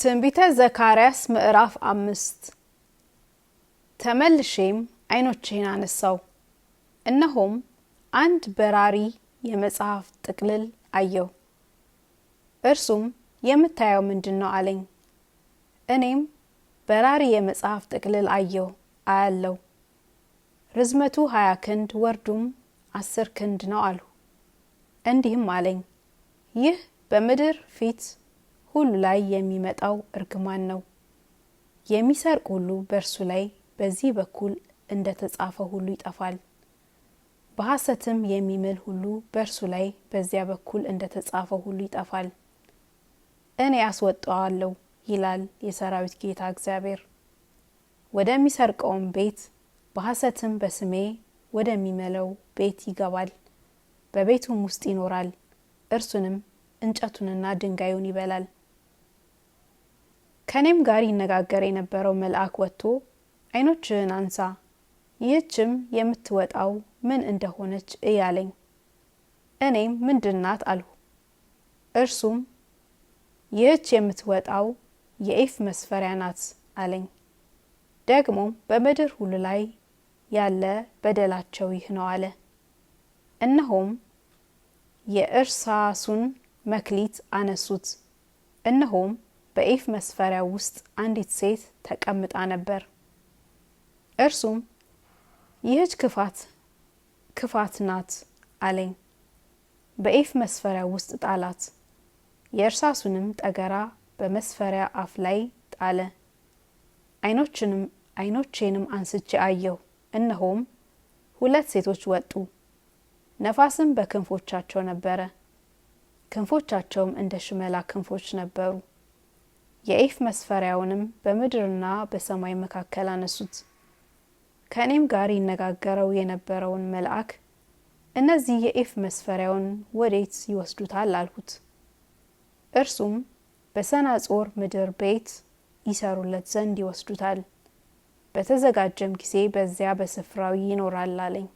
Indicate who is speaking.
Speaker 1: ትንቢተ ዘካርያስ ምዕራፍ አምስት ተመልሼም ዓይኖቼን አነሳው፣ እነሆም አንድ በራሪ የመጽሐፍ ጥቅልል አየው እርሱም የምታየው ምንድን ነው አለኝ። እኔም በራሪ የመጽሐፍ ጥቅልል አየሁ አያለው፣ ርዝመቱ ሀያ ክንድ ወርዱም አስር ክንድ ነው አልሁ። እንዲህም አለኝ ይህ በምድር ፊት ሁሉ ላይ የሚመጣው እርግማን ነው። የሚሰርቅ ሁሉ በእርሱ ላይ በዚህ በኩል እንደ ተጻፈ ሁሉ ይጠፋል። በሐሰትም የሚምል ሁሉ በእርሱ ላይ በዚያ በኩል እንደ ተጻፈ ሁሉ ይጠፋል። እኔ አስወጣዋለሁ ይላል የሰራዊት ጌታ እግዚአብሔር። ወደሚሰርቀውም ቤት በሐሰትም በስሜ ወደሚመለው ቤት ይገባል፣ በቤቱም ውስጥ ይኖራል፣ እርሱንም እንጨቱንና ድንጋዩን ይበላል። ከእኔም ጋር ይነጋገር የነበረው መልአክ ወጥቶ አይኖችህን አንሳ፣ ይህችም የምትወጣው ምን እንደሆነች እያለኝ፣ እኔም ምንድናት አልሁ። እርሱም ይህች የምትወጣው የኢፍ መስፈሪያ ናት አለኝ። ደግሞም በምድር ሁሉ ላይ ያለ በደላቸው ይህ ነው አለ። እነሆም የእርሳሱን መክሊት አነሱት። እነሆም በኢፍ መስፈሪያ ውስጥ አንዲት ሴት ተቀምጣ ነበር። እርሱም ይህች ክፋት ክፋት ናት አለኝ። በኢፍ መስፈሪያ ውስጥ ጣላት። የእርሳሱንም ጠገራ በመስፈሪያ አፍ ላይ ጣለ። አይኖችንም አይኖቼንም አንስቼ አየሁ፣ እነሆም ሁለት ሴቶች ወጡ። ነፋስም በክንፎቻቸው ነበረ፣ ክንፎቻቸውም እንደ ሽመላ ክንፎች ነበሩ። የኢፍ መስፈሪያውንም በምድርና በሰማይ መካከል አነሱት። ከእኔም ጋር ይነጋገረው የነበረውን መልአክ እነዚህ የኢፍ መስፈሪያውን ወዴት ይወስዱታል? አልሁት። እርሱም በሰናጾር ምድር ቤት ይሰሩለት ዘንድ ይወስዱታል፣ በተዘጋጀም ጊዜ በዚያ በስፍራው ይኖራል አለኝ።